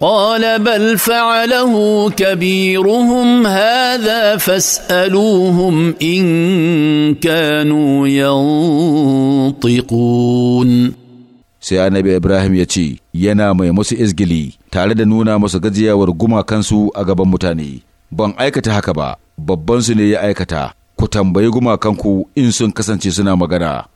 قال بل فعله كبيرهم هذا فاسالوهم ان كانوا ينطقون sai annabi ibrahim ya ce yana mai musu izgili tare da nuna musu gajiyawar gumakansu a gaban mutane ban aikata haka ba babbansu ne ya aikata ku tambayi gumakanku in sun kasance suna magana